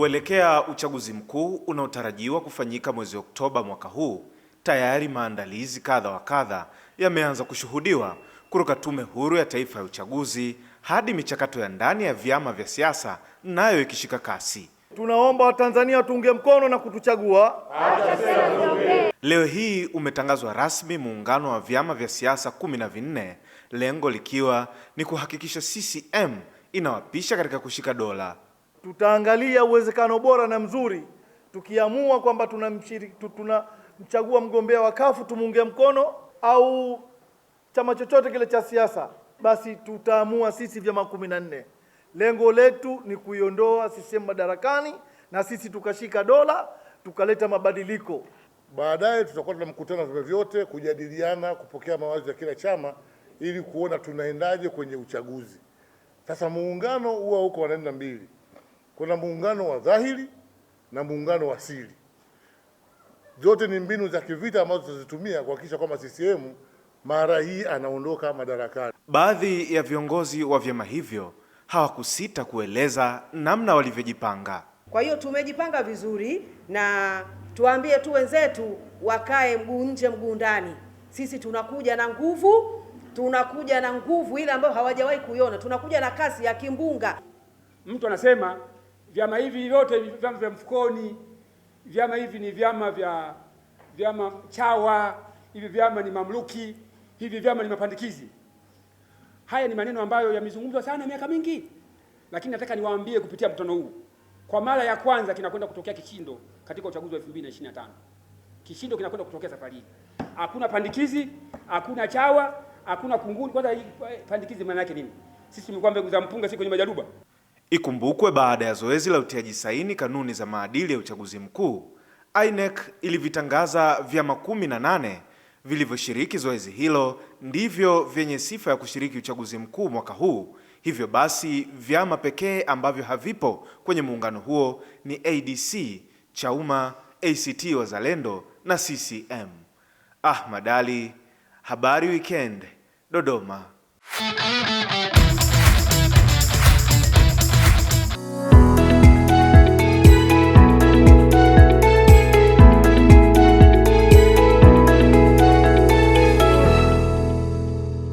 Kuelekea uchaguzi mkuu unaotarajiwa kufanyika mwezi Oktoba mwaka huu, tayari maandalizi kadha wa kadha yameanza kushuhudiwa kutoka Tume Huru ya Taifa ya Uchaguzi hadi michakato ya ndani ya vyama vya siasa nayo ikishika kasi. Tunaomba Watanzania watuunge mkono na kutuchagua. Leo hii umetangazwa rasmi muungano wa vyama vya siasa kumi na vinne, lengo likiwa ni kuhakikisha CCM inawapisha katika kushika dola tutaangalia uwezekano bora na mzuri. Tukiamua kwamba tunamchagua mgombea wa kafu tumuunge mkono au chama chochote kile cha siasa, basi tutaamua sisi vyama kumi na nne. Lengo letu ni kuiondoa CCM madarakani na sisi tukashika dola tukaleta mabadiliko. Baadaye tutakuwa tuna mkutano vyama vyote kujadiliana, kupokea mawazo ya kila chama ili kuona tunaendaje kwenye uchaguzi. Sasa muungano huwa huko wanaenda mbili kuna muungano wa dhahiri na muungano wa siri. Zote ni mbinu za kivita ambazo tutazitumia kuhakikisha kwamba CCM mara hii anaondoka madarakani. Baadhi ya viongozi wa vyama hivyo hawakusita kueleza namna walivyojipanga. Kwa hiyo tumejipanga vizuri, na tuwaambie tu wenzetu wakae mguu nje mguu ndani. Sisi tunakuja na nguvu, tunakuja na nguvu ile ambayo hawajawahi kuiona, tunakuja na kasi ya kimbunga. Mtu anasema Vyama hivi vyote vyama vya mfukoni, vyama hivi ni vyama vya vyama chawa, hivi vyama ni mamluki, hivi vyama ni mapandikizi. Haya ni maneno ambayo yamezungumzwa sana miaka mingi, lakini nataka niwaambie kupitia mkutano huu, kwa mara ya kwanza kinakwenda kutokea kishindo katika uchaguzi wa 2025. Kishindo kinakwenda kutokea safari hii. Hakuna pandikizi, hakuna chawa, hakuna kunguni. Kwanza pandikizi maana yake nini? Sisi tumekuwa mbegu za mpunga, si kwenye majaruba. Ikumbukwe baada ya zoezi la utiaji saini kanuni za maadili ya uchaguzi mkuu, INEC ilivitangaza vyama kumi na nane vilivyoshiriki zoezi hilo ndivyo vyenye sifa ya kushiriki uchaguzi mkuu mwaka huu. Hivyo basi, vyama pekee ambavyo havipo kwenye muungano huo ni ADC, Chauma, ACT Wazalendo na CCM. Ahmad Ali, Habari Weekend, Dodoma.